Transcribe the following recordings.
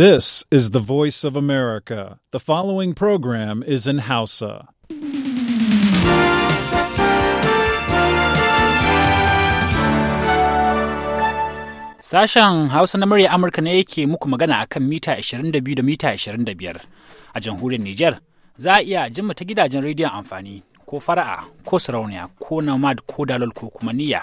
This is the voice of America. The following program is in Hausa. Sashen Hausa na murya Amurka ne yake muku magana a kan mita 22 da mita 25 a jamhuriyar Nijar. Za a iya jin ta gidajen rediyon amfani ko fara'a ko sarauniya ko namad ko dalol ko kuma niyya.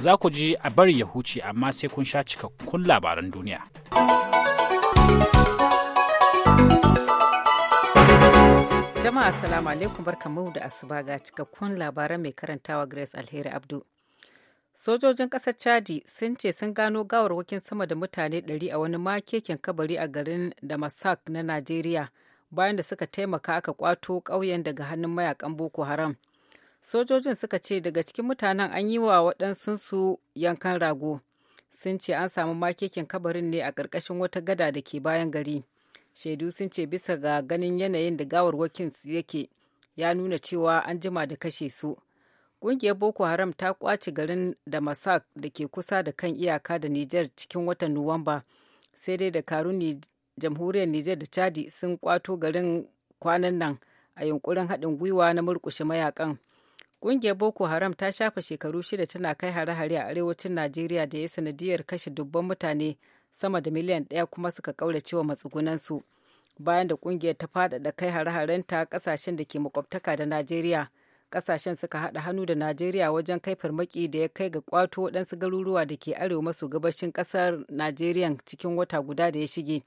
za ku ji a bari ya huce amma sai kun sha cikakkun labaran duniya. Jama'a Assalamu alaikum barkamu da asuba ga cikakkun labaran mai karantawa Grace Alheri Abdu. Sojojin ƙasar Chadi sun ce sun gano gawarwakin sama da mutane 100 a wani makekin kabari a garin Damasak na Najeriya bayan da suka taimaka aka kwato ƙauyen daga hannun mayakan Boko Haram. sojojin suka ce daga cikin mutanen an yi wa waɗansu su yankan rago sun ce an samu makekin kabarin ne a ƙarƙashin wata gada da ke bayan gari shaidu sun ce bisa ga ganin yanayin da gawarwakin yake ya nuna cewa an jima da kashe su ƙungiyar boko haram ta kwace garin da damasak da ke kusa da kan iyaka da niger cikin watan nuwamba sai dai da karuni jamhuriyar niger da chadi sun kwato garin kwanan nan a yunkurin haɗin gwiwa na murƙushe mayakan Ƙungiyar Boko Haram ta shafe shekaru shida tana kai hare-hare a arewacin Najeriya da ya sanadiyar kashe dubban mutane sama da miliyan ɗaya kuma suka ƙaurace wa matsugunansu. Bayan da ƙungiyar ta faɗaɗa kai hare haren ta ƙasashen da ke makwabtaka da Najeriya, ƙasashen suka haɗa hannu da Najeriya wajen kai farmaki da ya kai ga ƙwato waɗansu garuruwa da ke arewa maso gabashin ƙasar Najeriya cikin wata guda da ya shige.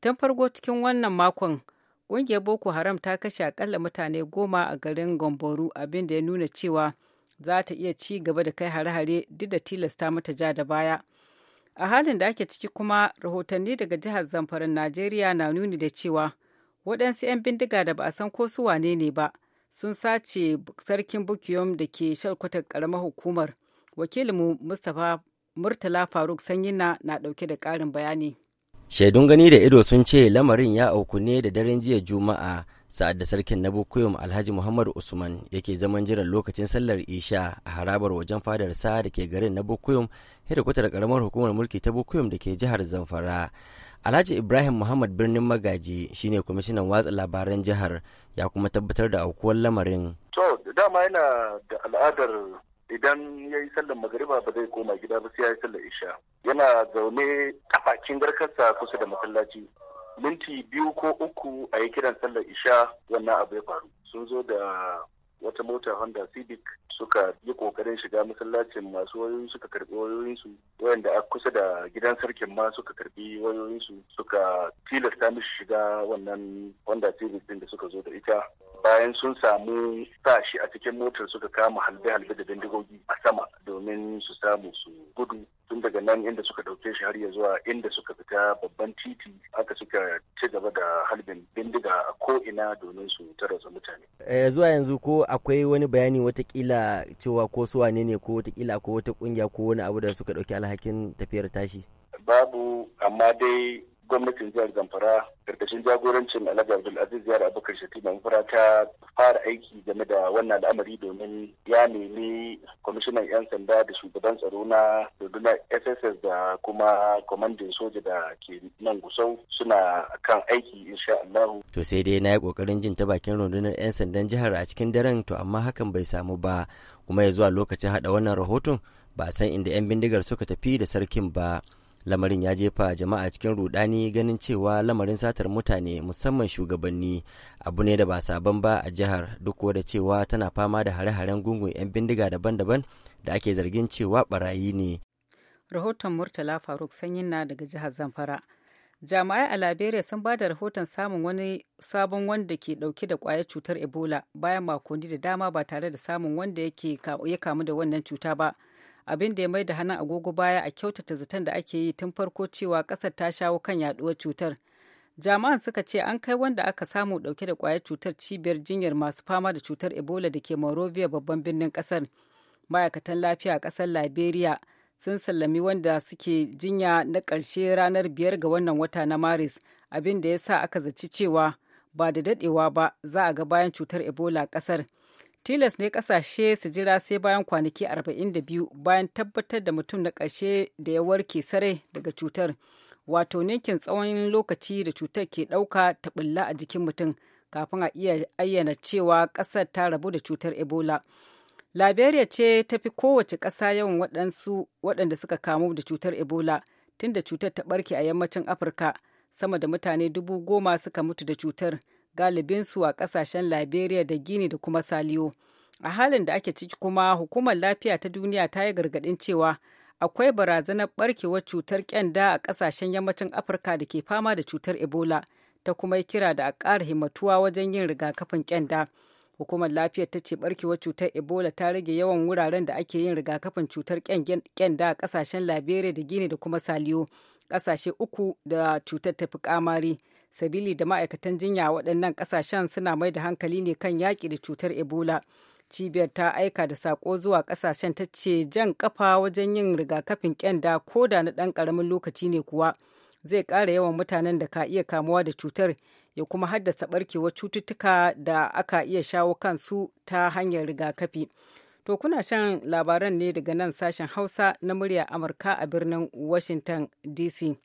Tun farko cikin wannan makon, ƙungiyar boko haram ta kashe akalla mutane goma a garin gomboru abin da ya nuna cewa za ta iya ci gaba da kai hare-hare duk da tilasta mata ja da baya a halin da ake ciki kuma rahotanni daga jihar zamfaran najeriya na nuni da cewa waɗansu 'yan bindiga da ba a san ko su wane ne ba sun sace sarkin bukiyom da ke shalkwatar ƙaramar hukumar wakilinmu mustapha murtala faruk sanyina na ɗauke da ƙarin bayani shaidun gani da ido sun ce lamarin ya auku ne da daren jiya juma'a sa'ad da sarkin na bukuyum alhaji muhammadu usman yake zaman jiran lokacin sallar isha a harabar wajen fadar sa da ke garin na bukuyum hedikwatar karamar hukumar mulki ta bukuyum da ke jihar zamfara alhaji ibrahim muhammad birnin magaji shi ne kwamishinan watsa labaran jihar ya kuma tabbatar da aukuwar lamarin to dama yana da al'adar idan ya yi sallar magariba ba zai koma gida ba sai ya yi sallar isha yana zaune a bakin garkarsa kusa da masallaci minti biyu ko uku a yi kiran sallar isha wannan abu ya faru sun zo da wata mota honda civic suka yi kokarin shiga masallacin masu wayoyin suka karbi wayoyinsu wayanda a kusa da gidan sarkin ma suka karbi wayoyinsu suka tilasta mishi shiga wannan honda civic din da suka zo da ita bayan sun samu sa shi a cikin motar suka kama halbe-halbe da bindigogi a sama domin su samu su gudu tun daga nan inda suka dauke shi har ya zuwa inda suka fita babban titi aka suka ci gaba da halbin bindiga a ko ina domin su tarasa mutane eh, zuwa yanzu ko akwai wani bayani watakila cewa ko su wane ne ko watakila ko wata kungiya ko wani abu da suka dauki alhakin tafiyar tashi babu amma dai gwamnatin jihar zamfara karkashin jagorancin alhaji abdulaziz jihar abubakar shatima zamfara ta fara aiki game da wannan al'amari domin ya nemi kwamishinan yan sanda da shugaban tsaro na rundunar sss da kuma kwamandin soja da ke nan gusau suna kan aiki insha allahu to sai dai na yi kokarin jin ta bakin rundunar yan sandan jihar a cikin daren to amma hakan bai samu ba kuma ya zuwa lokacin haɗa wannan rahoton ba san inda yan bindigar suka tafi da sarkin ba lamarin ya jefa jama'a cikin rudani ganin cewa lamarin satar mutane musamman shugabanni abu ne da ba sabon ba a jihar duk da cewa tana fama da hare-haren gungun 'yan bindiga daban-daban da ake zargin cewa barayi ne rahoton murtala faruk sanyin na daga jihar zamfara jami'ai a liberia sun ba da rahoton samun wani sabon wanda ke dauke da kwayar cutar ebola bayan makonni da dama ba tare da samun wanda ya kamu da wannan cuta ba abin da ya mai da hannun agogo baya a kyautata zaton da ake yi tun farko cewa kasar ta shawo kan yaduwar cutar jama'an suka ce an kai wanda aka samu dauke da kwayar cutar cibiyar jinyar masu fama da cutar ebola da ke morovia babban birnin kasar ma'aikatan lafiya a kasar liberia sun sallami wanda suke jinya na ƙarshe ranar biyar ga wannan wata na maris abin da ya sa aka zaci cewa ba da dadewa ba za a ga bayan cutar ebola kasar tilas ne kasashe su jira sai bayan kwanaki 42 bayan tabbatar da mutum na ƙarshe da ya warke sarai daga cutar wato ninkin tsawon lokaci da cutar ke ɗauka ta ɓulla a jikin mutum kafin a iya ayyana cewa ƙasar ta rabu da cutar ebola liberia ce ta fi kowace ƙasa yawan waɗansu waɗanda suka kamu da cutar ebola tunda cutar ta ɓarke a yammacin afirka sama da mutane dubu goma suka mutu da cutar galibinsu a kasashen liberia da gini da kuma saliyo a halin da ake ciki kuma hukumar lafiya ta duniya ta yi gargadin cewa akwai barazanar barkewar cutar kyanda a kasashen yammacin afirka da ke fama da cutar ebola ta kuma yi kira da a ƙara himmatuwa wajen yin rigakafin kyanda hukumar lafiya ta ce barkewar cutar ebola ta rage yawan wuraren da ake yin rigakafin cutar kyanda a kasashen liberia da gini da kuma saliyo ƙasashe uku da cutar tafi fi kamari sabili da ma'aikatan jinya waɗannan ƙasashen suna mai da hankali ne kan yaƙi da cutar ebola cibiyar ta aika da saƙo zuwa ƙasashen ta ce jan kafa wajen yin rigakafin kyanda ko da na ɗan ƙaramin lokaci ne kuwa zai ƙara yawan mutanen da ka iya kamuwa da cutar ya kuma haddasa ɓarkewar cututtuka da aka iya shawo kansu ta hanyar rigakafi to kuna shan labaran ne daga nan sashen hausa na murya amurka a birnin washington dc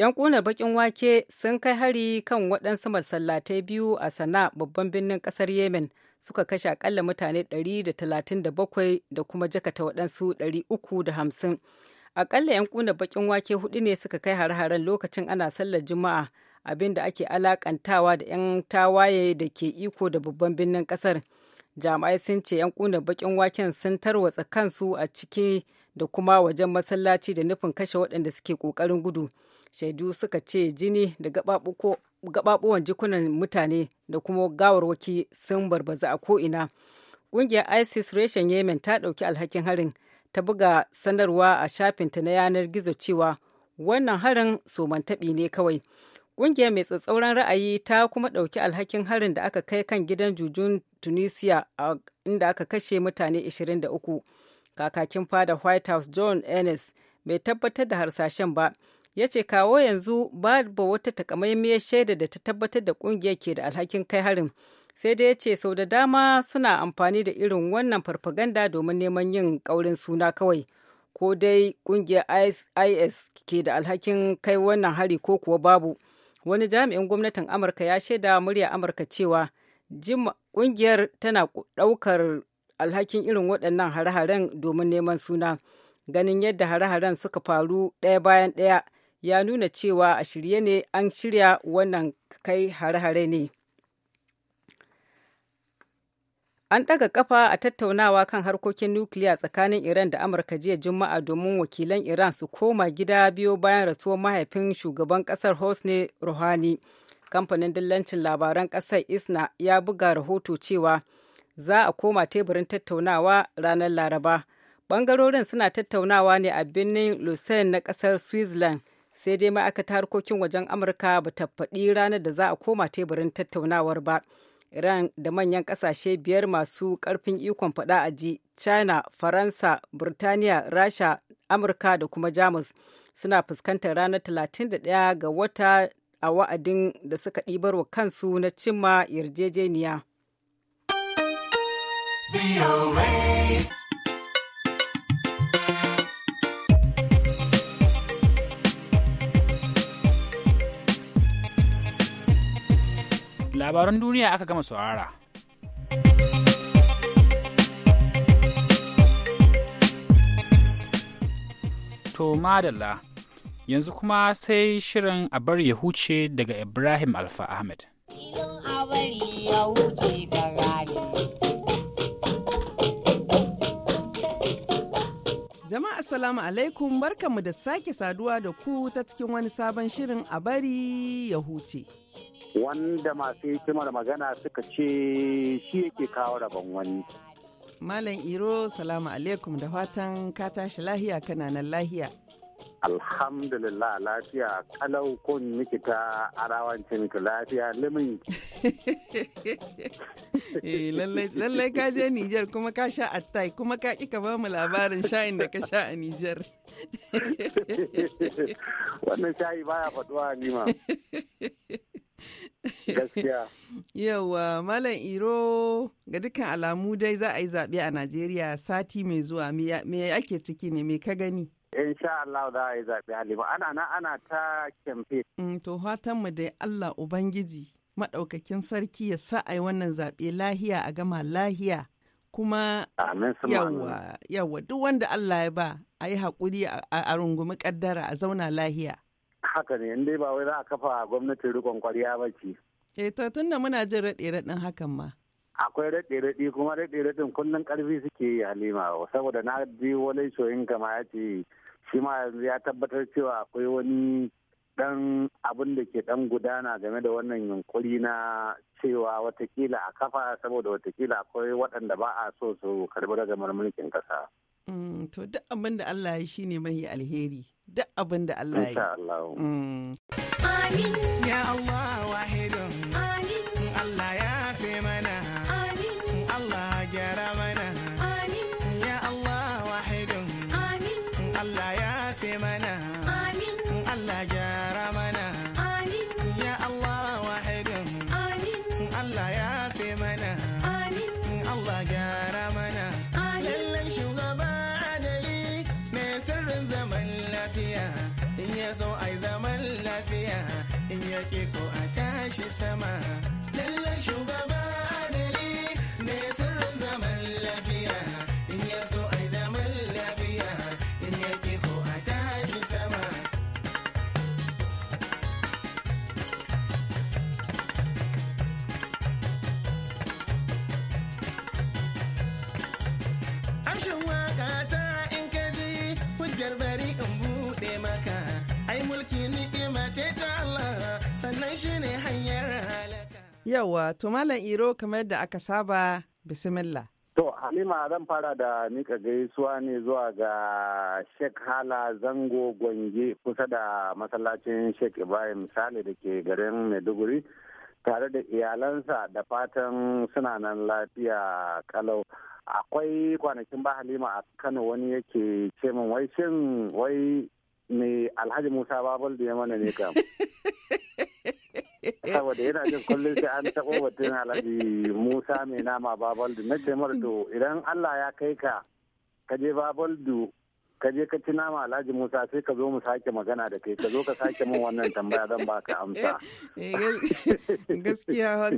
'Yan bakin wake sun kai hari kan waɗansu masallatai biyu a sana babban birnin ƙasar Yemen suka kashe akalla mutane 137 da kuma jakata waɗansu 350. Akalla 'yan ƙuna bakin wake hudu ne suka kai har haren lokacin ana sallar Juma'a abinda ake alakantawa da 'yan tawaye da ke iko da babban birnin ƙasar. Jami'ai sun ce 'yan ƙuna bakin waken sun tarwatsa kansu a ciki da kuma wajen masallaci da nufin kashe waɗanda suke ƙoƙarin gudu. shaidu suka ce jini da gababuwan jikunan mutane da kuma gawarwaki sun barbaza a ko'ina ƙungiyar isis reshen yemen ta ɗauki alhakin harin ta buga sanarwa a shafinta na yanar gizo cewa wannan harin somantaɓi ne kawai ƙungiyar mai tsatsauran ra'ayi ta kuma ɗauki alhakin harin da aka kai kan gidan jujun tunisia inda aka kashe mutane 23 kakakin fada white house john ennis bai tabbatar da harsashen ba ya ce kawo yanzu babu wata takamaimiyar shaida da ta tabbatar da kungiyar ke da alhakin kai harin sai dai ya ce sau da dama suna amfani da irin wannan farfaganda domin neman yin kaurin suna kawai ko dai kungiyar is ke da alhakin kai wannan hari ko kuwa babu wani jami'in gwamnatin amurka ya shaida murya amurka cewa kungiyar tana daukar alhakin irin waɗannan hare-haren domin neman suna ganin yadda hare-haren suka faru ɗaya bayan ɗaya ya nuna cewa a shirye ne an shirya wannan kai hare-hare ne. An ɗaga kafa a tattaunawa kan harkokin nukiliya tsakanin Iran da Amurka jiya Juma'a domin wakilan Iran su koma gida biyo bayan rasuwar mahaifin shugaban ƙasar Hosni Rouhani. Kamfanin dillancin labaran ƙasar Isna ya buga rahoto cewa za a koma teburin tattaunawa ranar Laraba. Bangarorin suna tattaunawa ne a birnin Lucerne na ƙasar Switzerland sai dai ma'aikata harkokin wajen amurka ba ta faɗi ranar da za a koma teburin tattaunawar ba iran da manyan ƙasashe biyar masu ƙarfin ikon faɗa a ji china faransa burtaniya rasha amurka da kuma jamus suna fuskantar ranar 31 ga wata a wa'adin da suka wa kansu na cimma yarjejeniya. labaran duniya aka gama saurara. To madalla yanzu kuma sai shirin a bari ya huce daga Ibrahim Alfa Ahmed. Jama'a Assalamu alaikum barkanmu da sake saduwa da ku ta cikin wani sabon shirin a bari ya huce. wanda masu hikimar magana suka ce shi yake kawo rabon wani. Malam Iro, salamu alaikum da fatan ka tashi lahiya kana nan lahiya. Alhamdulillah lafiya kalau kun miki ta arawancin ki lafiya limin. Eh, lallai ka je Nijar kuma ka sha attai kuma ka ika ka bamu labarin shayin da ka sha a Nijar. Wannan shayi baya faduwa ni ma. Yawa Malam Iro ga dukkan alamu dai za a yi zaɓe a Najeriya sati mai zuwa me ake ciki ne me ka gani? Insha Allah za a yi zaɓe Halima ana na ana ta kyamfe. Mm, to fatan mu dai Allah Ubangiji maɗaukakin sarki ya sa a yi wannan zaɓe lahiya a gama lahiya kuma yawa yawa duk wanda Allah ya ba a yi haƙuri a rungumi ƙaddara a zauna lahiya. haka ne inda ba wai za a kafa gwamnatin rikon kwarya ba ce E to da muna jin raɗe raɗin hakan ma akwai raɗe raɗi kuma raɗe raɗin kullum ƙarfi suke yi halima saboda na ji wani soyin kama ya ce shi ma yanzu ya tabbatar cewa akwai wani dan abin da ke dan gudana game da wannan yunkuri na cewa watakila a kafa saboda watakila akwai waɗanda ba a so su karbi daga mulkin ƙasa. Mm, to duk abin da Allah ya shi ne mahi alheri, duk abin da Allah ya yi. jarbari in buɗe maka, ai mulki ni'ima ce ta Allah, sannan shi ne hanyar halaka. Yawa, to Malam Iro kamar da aka saba, bismillah. To, Halima zan fara da mika gaisuwa ne zuwa ga Sheikh Hala Zango Gwange kusa da masallacin Sheikh Ibrahim Sale da ke garin Maiduguri tare da iyalansa da fatan suna nan lafiya kalau. akwai kwanakin ba halima a kano wani yake ce min wai shin wai me alhaji musa babal da ya mana ne kam saboda yana jin kullum sai an taɓa batun alhaji musa mai nama babaldu na ce to idan allah ya kai ka ka je babaldu ka je ka ci nama alhaji musa sai ka zo mu sake magana da kai ka zo ka sake min wannan tambaya zan ka amsa eh, gaskiya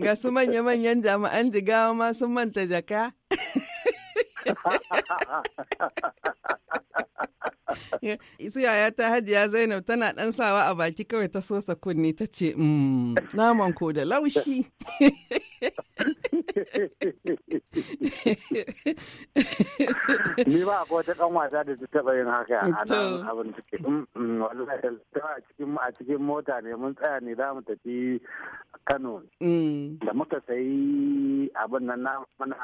ga su manya-manyan jami'an jigawa ma sun manta jaka Isu yaya ta hajiya Zainab tana ɗan sawa a baki kawai ta sosa kunni ta ce, mm, naman ko da laushi. Ni ba a ta ɗan wasa da ta taɓa yin haka a nan abin take. Mm, mm, wallahi a cikin mota ne mun tsaya ne za mu tafi kano mm. da muka sayi abin nan na mana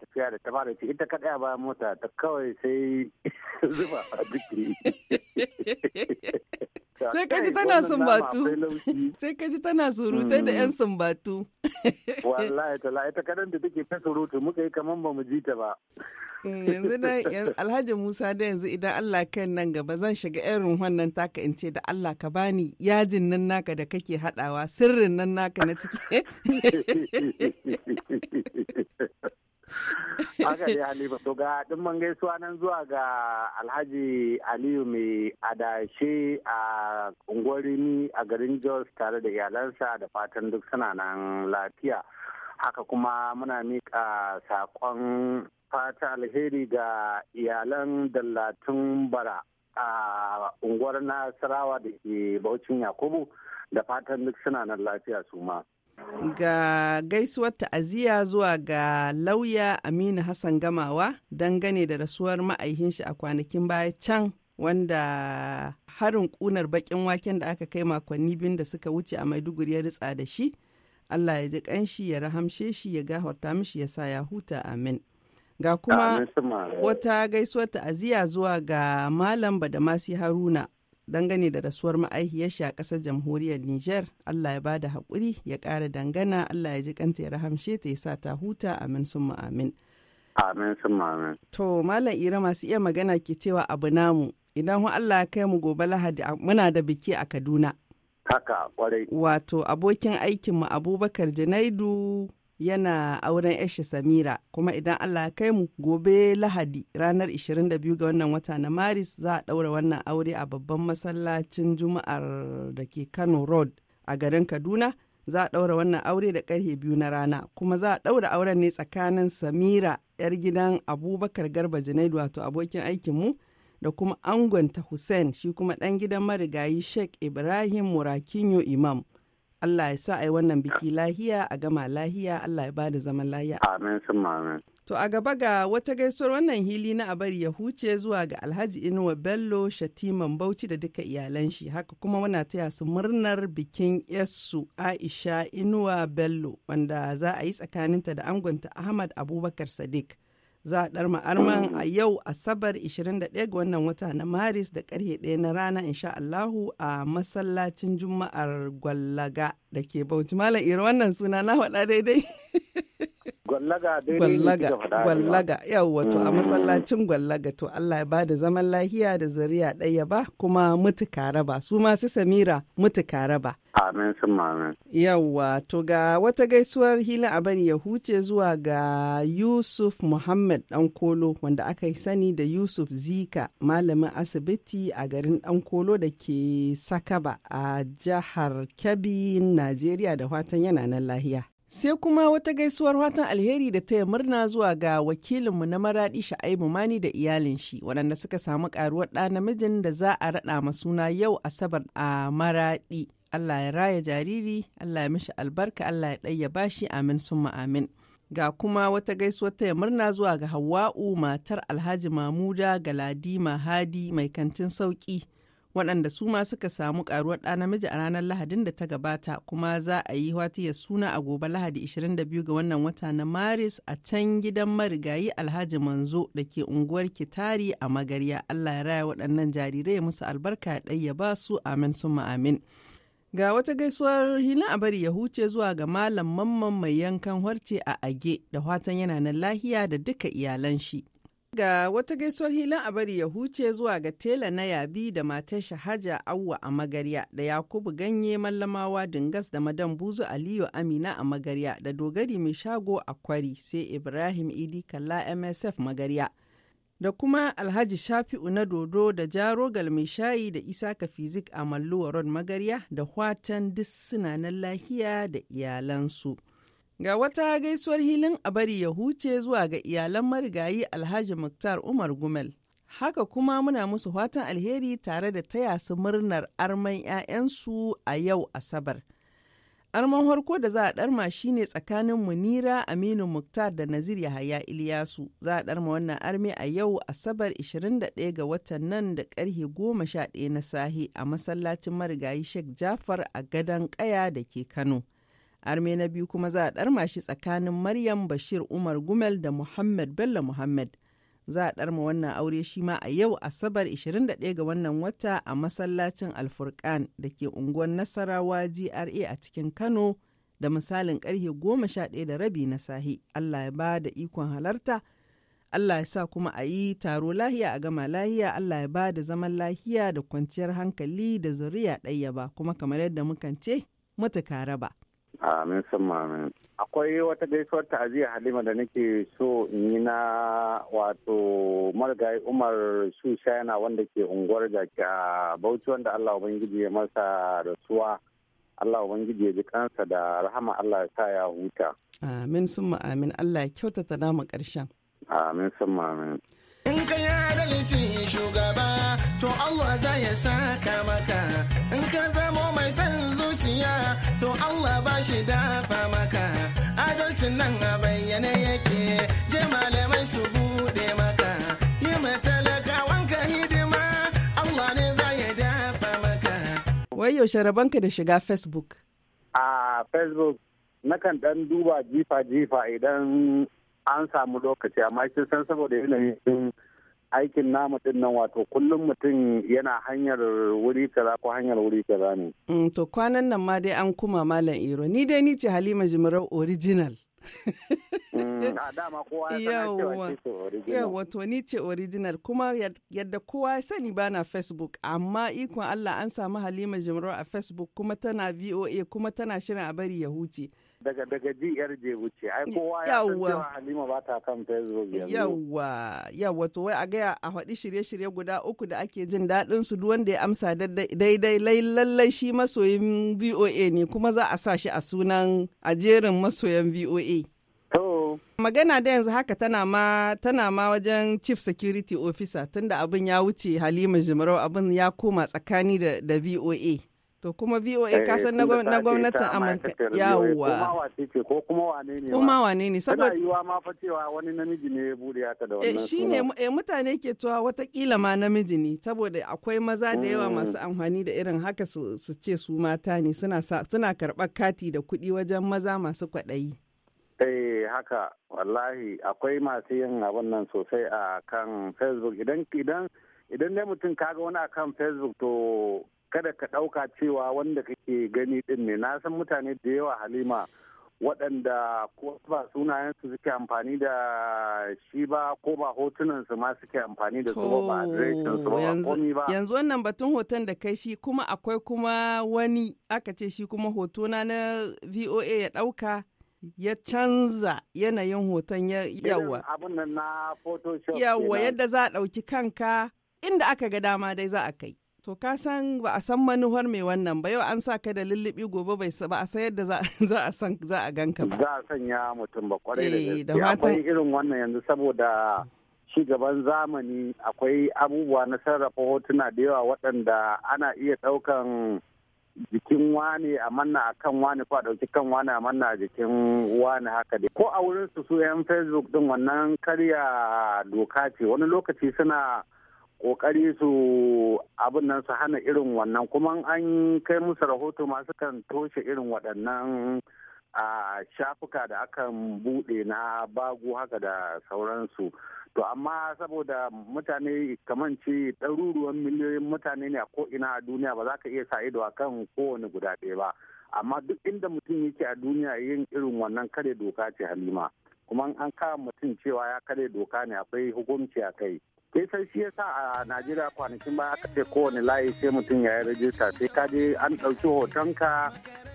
tafiya da ta fara ita ita kaɗaya ba mota ta kawai sai zuba a sai ka ji tana sumbatu sai ka ji tana surutai da yan hmm. sumbatu wallahi tala ita kadan da take ta surutu muka yi kaman ba mu ji ta ba hmm, yanzu da alhaji musa da yanzu idan allah kan nan gaba zan shiga irin wannan taka in ce da allah ka bani yajin nan naka da kake haɗawa sirrin nan naka na ciki Haka dai Halima, to ga gaisuwa nan zuwa ga Alhaji Aliyu mai adashe a unguwar a garin Jos tare da iyalansa da fatan duk suna nan lafiya. Haka kuma muna miƙa saƙon fata alheri ga iyalan dallatun bara a unguwar Nasarawa da ke Bauchin Yakubu da fatan duk suna nan lafiya su ma. ga gaisuwar ta'aziyya zuwa ga lauya Aminu Hassan Gamawa dangane da rasuwar ma'aihin shi a kwanakin baya can wanda harin kunar bakin waken da aka kai makonni biyun da suka wuce a Maiduguri ya ritsa da shi. Allah ya ji kanshi ya rahamshe shi ya gafarta mishi ya sa ya huta amin. Ga kuma wata gaisuwar ta'aziyya zuwa ga Malam Badamasi Haruna dangane da rasuwar ma'aikiyar shi a ƙasar jamhuriyar Nijar, Allah ya bada haƙuri ya ƙara dangana, Allah ya ji kanta ya rahamshe ta ya sa ta huta amin mu amin. Amin sun amin. To Malam Ira masu iya magana ke cewa abu namu idan Allah ya kai mu gobe Lahadi muna da biki a Kaduna. Haka kwarai. Wato abokin aikinmu Abubakar Janaidu yana auren yashi Samira kuma idan Allah ya kai mu gobe Lahadi ranar 22 ga wannan wata na Maris za a daura wannan aure a babban masallacin Juma'ar da ke Kano Road a garin Kaduna za a daura wannan aure da karhe biyu na rana kuma za a daura auren ne tsakanin Samira 'yar gidan Abubakar Garba Junaidu wato abokin aikin mu da kuma angonta Hussein shi kuma ɗan gidan marigayi Sheikh Ibrahim Murakinyo Imam. Allah ya sa a wannan biki lahiya a gama lahiya Allah ya bada zaman lahiya. Amin amin. To a gaba ga wata gaisuwar wannan hili na abari ya huce zuwa ga Alhaji Inuwa Bello Shatiman Bauchi da duka iyalan shi haka kuma muna taya su murnar bikin yassu Aisha Inuwa Bello wanda za a yi tsakaninta da angonta Ahmad Abubakar Sadiq. zaɗar a ɗar ma'arman a yau asabar 21 ga wannan wata na maris da karhe ɗaya na rana insha Allahu a masallacin juma'ar gwallaga da ke bauchi malam wannan suna na faɗa daidai Gwallaga gwallaga gwallaga yawa to a mm. masallacin gwallaga to Allah ya bada zaman lahiya da zuriya ɗaya ba kuma kare ba su masu samira kare ba. Amin sun amin. Yawa to ga wata gaisuwar hila a bari ya huce zuwa ga Yusuf Muhammad kolo wanda aka yi sani da Yusuf Zika malamin asibiti a garin Ɗankolo da ke Sakaba a jihar Kebbi Najeriya da watan yana nan lahiya. Sai kuma wata gaisuwar watan alheri da taya murna zuwa ga wakilinmu na maraɗi Sha'aibu Mani da iyalin shi waɗanda suka samu ƙaruwar ɗa namijin da za a raɗa ma suna yau Asabar a maraɗi. Allah ya raya jariri, Allah ya mishi albarka, Allah ya ɗaya bashi amin summa amin. Ga kuma wata gaisuwar taya murna zuwa ga Hawwa'u matar Alhaji Mamuda galadi mahadi mai kantin sauƙi. waɗanda su ma suka samu karuwar ɗa namiji a ranar lahadin da ta gabata kuma za a yi watiyar suna a gobe lahadi 22 ga wannan wata na maris a can gidan marigayi alhaji manzo da ke unguwar kitari a magarya allah ya raya waɗannan jarirai musu albarka ya ɗaya ba su amin sun amin Ga wata gaisuwar hila a bari ya huce zuwa ga malam mamman mai yankan harce a age da watan yana nan lahiya da duka iyalan shi Ga wata gaisuwar hilin a bari ya huce zuwa ga tela na yabi da matar shahaja Awwa a magarya da Yakubu Ganye Mallamawa Dingas da Madan Buzu Aliyu Amina a magarya da Dogari Mai Shago a Kwari sai Ibrahim Idi Kalla MSF magarya. Da kuma Alhaji Shafi'u na Dodo da Jarogal Mai Shayi da Isaka Fizik a Malluwa Road magarya da Watan duk suna lahiya da iyalansu. Ga wata gaisuwar hilin a bari ya huce zuwa ga iyalan marigayi Alhaji Muktar Umar Gumel. Haka kuma muna musu fatan alheri tare da taya su murnar arman 'ya'yansu a yau Asabar. Arman harko da za a ɗarma shi ne tsakanin Munira Aminu Muktar da Nazir Yahaya Iliyasu. Za a ɗarma wannan armi a yau Asabar 21 ga watan nan da sha 11 na sahi a masallacin marigayi Sheikh Jafar a gadon ƙaya da ke Kano. arme na biyu kuma za a ɗarma shi tsakanin maryam bashir umar gumel da muhammad bello muhammad za a ɗarma wannan aure shi ma a yau asabar 21 ga wannan wata a masallacin alfurkan da ke unguwar nasarawa gra a cikin kano da misalin karhe goma sha ɗaya da rabi na sahi allah ya ba da ikon halarta allah ya sa kuma a yi taro lahiya a gama lahiya allah ya ba da zaman lahiya da kwanciyar hankali da zuriya ɗaya ba kuma kamar yadda mukan ce mutuka ba. Amin amin. Akwai wata gaisuwar ta'aziyya Halima da nake so in yi na wato marigayi Umar Shayana wanda ke unguwar jaki a Bauchi wanda Allah Ubangiji ya masa rasuwa. Allah Ubangiji ya ji kansa da rahama Allah ya sa ya huta. Amin sun amin Allah ya kyautata namu ƙarshen. Amin sun amin. In ka yi adalci shugaba to Allah za ya saka maka aka zamo mai son zuciya to Allah ba shi dafa maka adalcin nan a bayyane yake je malamai su bude maka yi wanka hidima Allah ne za ya dafa maka wai yaushe rabanka da shiga facebook a facebook nakan dan duba jifa-jifa idan an samu lokaci amma kin san saboda yanayin aikin na din nan wato kullum mutum yana hanyar wuri kaza ko hanyar wuri kaza ne. Mm, to kwanan nan ma dai an kuma malam iro ni dai ni ce halima jimarau original. Mm, yawwa to ni ce original kuma yadda kowa ya sani bana na facebook amma ikon allah an samu halima jimarau a facebook kuma tana voa kuma tana shirin a bari ya huce. daga daga jiyar jebuce ai kowa ya san cewa halima ba ta kan facebook yanzu yawa yawa to wai a gaya a faɗi shirye-shirye guda uku da ake jin daɗin su duk wanda ya amsa daidai lallai shi masoyin voa ne kuma za a sa shi a sunan a jerin masoyan voa magana da yanzu haka tana ma tana ma wajen chief security officer tunda abin ya wuce halima jimarau abin ya koma tsakani da voa To kuma VOA eh, ka san na gwamnatin Amurka yawuwa. Ko kuma wane ne Kuma wane ne saboda yiwa ma fa cewa wani namiji ne ya buɗe haka da eh, wannan. Shi ne eh, mutane ke cewa watakila ma namiji ne saboda akwai maza da yawa mm. masu amfani da irin haka su ce su mata ne suna suna karɓar kati da kuɗi wajen maza masu kwaɗayi. Eh haka wallahi akwai masu yin abin nan sosai a kan Facebook idan idan idan ne mutum kaga wani akan Facebook to kada ka ɗauka cewa wanda kake gani ɗin ne na san mutane da yawa halima waɗanda ko ba sunayensu suke amfani da shi ba ko ba hotunansu ma suke amfani da su ba ba adireshinsu ba komi ba. Yanzu wannan batun hoton da kai shi kuma akwai kuma wani aka ce shi kuma hotona na VOA ya ɗauka ya canza yanayin hoton ya yawa. Yawa yadda za a ɗauki kanka inda aka ga dama dai za a kai. To ka san ba a san manuwar mai wannan ba yau an sa ka da lullubi gobe bai ba a san yadda za a san za a ganka ba. Za a sanya mutum ba kwarai da eh, gaske. Akwai irin wannan yanzu saboda ci gaban zamani akwai abubuwa na sarrafa hotuna da yawa waɗanda ana iya ɗaukan jikin wani a manna a kan wani ko a ɗauki kan wani a manna a jikin wani haka dai ko a wurin su su yan facebook din wannan karya doka ce wani lokaci suna kokari su abin nan su hana irin wannan kuma an kai musu rahoto masu kan toshe irin waɗannan a shafuka da akan buɗe na bagu haka da sauransu to amma saboda mutane kamar ce ɗaruruwan miliyoyin mutane ne a ko'ina a duniya ba za ka iya sa ido a kan kowane guda ɗaya ba amma duk inda mutum yake a duniya yin irin wannan kare doka ce halima kuma an kawo mutum cewa ya kare doka ne akwai hukunci a kai sai eh, sai shi yasa a najeriya kwanakin baya aka ce kowane layi sai mutum ya yi rajista sai ka je an ɗauki hotonka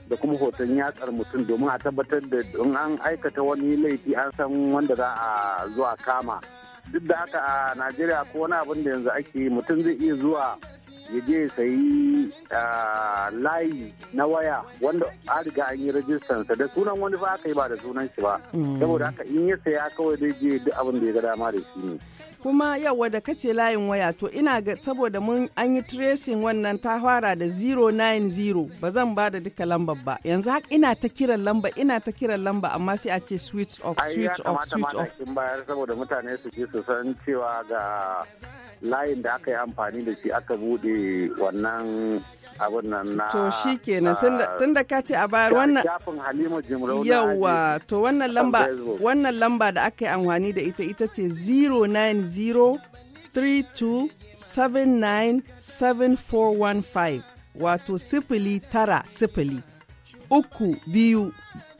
da kuma hoton yatsar mutum domin a tabbatar da in an aikata wani laifi an san wanda za a zuwa kama duk da haka a najeriya ko wani abin da yanzu ake mutum zai iya zuwa ya je sayi layi na waya wanda a riga an yi sa da sunan wani ba aka yi ba da sunan shi ba mm. saboda haka in ya saya kawai zai je duk abin da ya ga dama da shi ne kuma yau da kace layin waya to ina ga saboda mun an yi tracing wannan ta fara da 090 ba zan ba da duka lambar ba yanzu haka ina ta kiran lamba ina ta kiran lamba amma sai a ce switch off switch off switch off bayar saboda mutane su ji su san cewa ga layin da aka yi amfani da shi aka bude wannan abin nan na to shi kenan tunda ka ce a bayar wannan shafin halima jimrau yawa to wannan lamba wannan lamba da aka yi amfani da ita ita ce 09032797415 wato sifili tara sifili uku biyu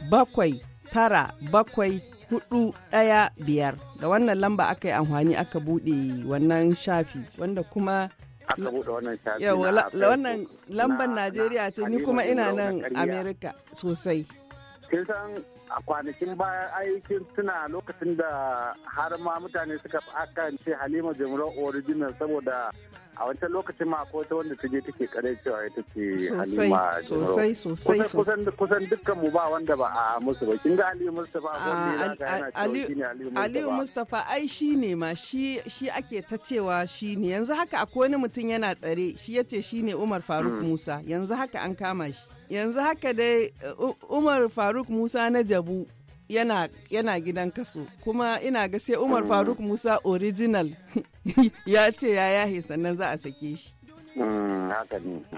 bakwai tara bakwai hudu daya biyar da wannan lamba aka yi amfani aka buɗe wannan shafi wanda kuma aka wannan lambar najeriya ce ni kuma ina nan Amerika sosai kin san a kwanakin baya aikin suna lokacin da har ma mutane suka aka ce halima jimro original saboda a wancan lokacin ma akwai wata wanda ta je take kare cewa ita ce halima sosai sosai kusan kusan dukkan mu ba wanda ba a musu ba kin ga aliyu mustafa ah, aliyu mustafa ai shi ne ma shi shi ake ta cewa shi ne yanzu haka akwai wani mutum yana tsare shi yace shi ne umar faruk hmm. musa yanzu haka an kama shi yanzu haka dai uh, umar faruk musa na jabu yana, yana gidan kaso kuma ina ga sai umar mm. faruk musa original ya ce ya yahe sannan za a sake shi mm,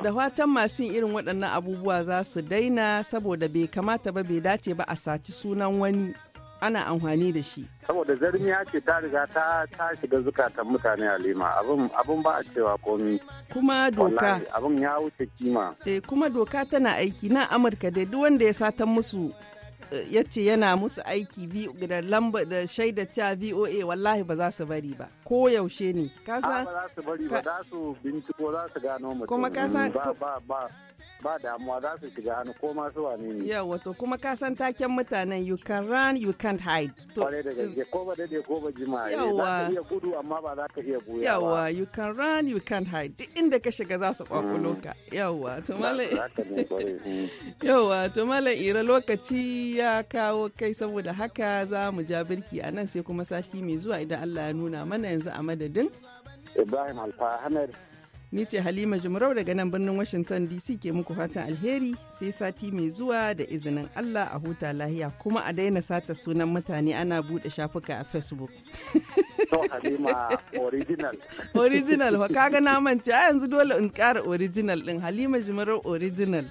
da fatan masu irin waɗannan abubuwa za su daina saboda bai kamata ba bai dace ba a saci sunan wani ana amfani da shi saboda zarmiya ce ta riga ta shiga zukatan mutane a lima abin ba a cewa komi kuma doka abin ya wuce kima eh, kuma doka tana aiki na amurka dai duk wanda ya satan musu ya ce yana musu aiki da lamba da shaida ta VOA wallahi ba za su bari ba ko yaushe ne kasa ba za su bari ba za su binciko za su gano mutum ba ba ba ba damuwa za su shiga hannu ko masu wane ne. Yawa to kuma ka san taken mutanen you can run you can't hide. To kware da gaske ko ba dade ko ba jima ne eh, za ka iya gudu amma ba za ka iya buya ba. Yawa you can run you can't hide duk inda ka shiga za su kwakulo mm. ka. Yawa to mala mm. Yawa to mala ira lokaci ya kawo kai saboda haka za mu ja birki a nan sai kuma sati mai zuwa idan Allah ya nuna mana yanzu a madadin. Ibrahim Alfa Ahmed Ni ce Halima Jumrau daga nan birnin Washington DC ke muku fatan alheri sai sati mai zuwa da izinin Allah a huta lahiya kuma a daina sata sunan mutane ana bude shafuka a Facebook. Halima original. Original wa kaga na mance a yanzu dole in kara original din Halima Jumrau original.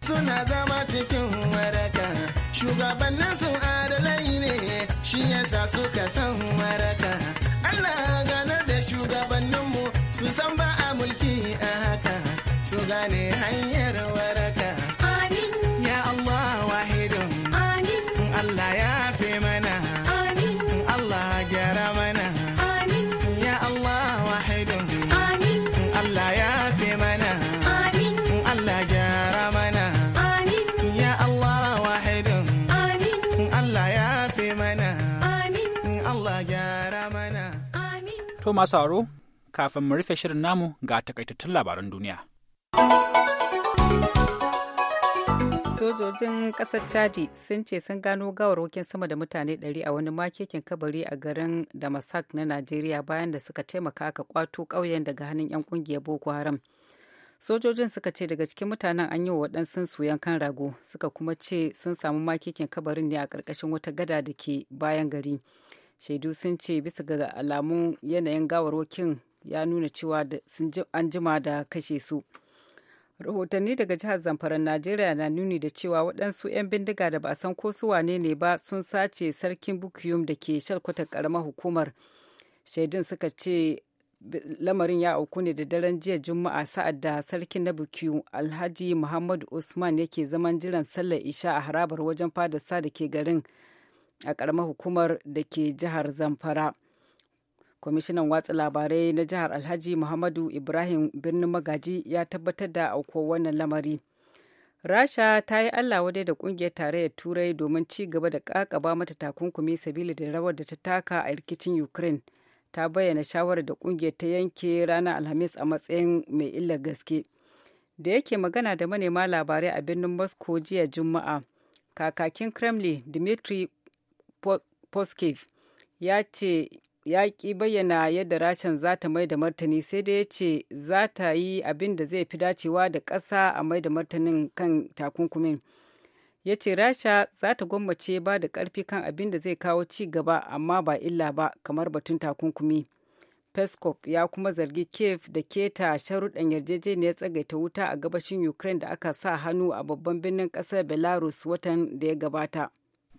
Suna zama cikin waraka shugabannin su adalai ne shi yasa suka san waraka. Allah ganar da shugabanninmu su san ba a mulki a haka su gane hanyar wara masu sauraro kafin mu rufe shirin namu ga takaitattun labaran duniya. Sojojin ƙasar Chadi sun ce sun gano gawarwakin sama da mutane 100 a wani makekin kabari a garin Damasak na Najeriya bayan da suka taimaka aka kwato ƙauyen daga hannun 'yan ƙungiyar Boko Haram. Sojojin suka ce daga cikin mutanen an yi wa waɗansu su yankan rago suka kuma ce sun samu makekin kabarin ne a ƙarƙashin wata gada da ke bayan gari. shaidu sun ce bisa ga alamun yanayin gawarwakin ya nuna cewa an jima da kashe su rahotanni daga jihar zamfara najeriya na nuni da cewa waɗansu 'yan bindiga da ba san ko su wane ne ba sun sace sarkin bukiyum da ke shalkwata karamar hukumar shaidun suka ce lamarin ya auku ne da daren jiya juma'a sa'ad da sarkin na bukiyu alhaji muhammadu usman yake zaman jiran sallar isha a harabar wajen fadarsa da ke garin a ƙaramar hukumar da ke jihar zamfara kwamishinan watsa labarai na jihar alhaji muhammadu ibrahim birnin magaji ya tabbatar da aukuwar wannan lamari rasha ta yi allah wadai da kungiyar tarayyar turai domin ci gaba da kakaba mata takunkumi sabili da rawar da ta taka a rikicin ukraine ta bayyana shawarar da kungiyar ta yanke ranar alhamis a matsayin mai illar gaske da yake magana da manema labarai a birnin moscow jiya juma'a kakakin kremlin dmitry poskiev ya ce ya ƙi bayyana yadda rashin za ta mai da martani sai dai ya ce za ta yi abin da zai fi dacewa da ƙasa a mai da martanin kan takunkumin ya ce rasha za ta gwammace ba da ƙarfi kan abin da zai kawo ci gaba amma ba illa ba kamar batun takunkumi peskov ya kuma zargi kiev da keta sharuɗan yarjejeniyar tsagaita wuta a gabashin ukraine da aka sa hannu a babban birnin ƙasar belarus watan da ya gabata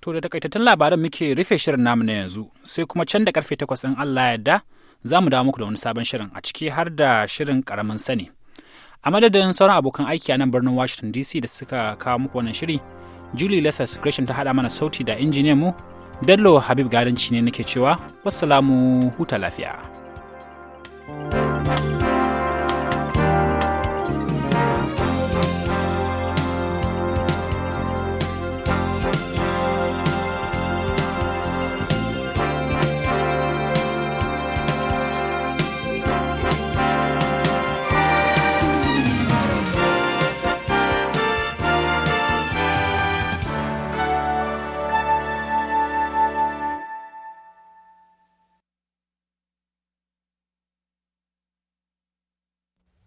To da takaitattun labaran muke rufe shirin namu na yanzu sai kuma can da karfe takwas in Allah yarda za mu dawo muku da wani sabon shirin a ciki har da shirin karamin sani. A madadin sauran abokan aiki a nan birnin Washington DC da suka kawo muku wannan shiri, Julie Lethas Gresham ta haɗa mana sauti da injiniyan mu, Bello Habib Gadanci ne nake cewa, wassalamu huta lafiya.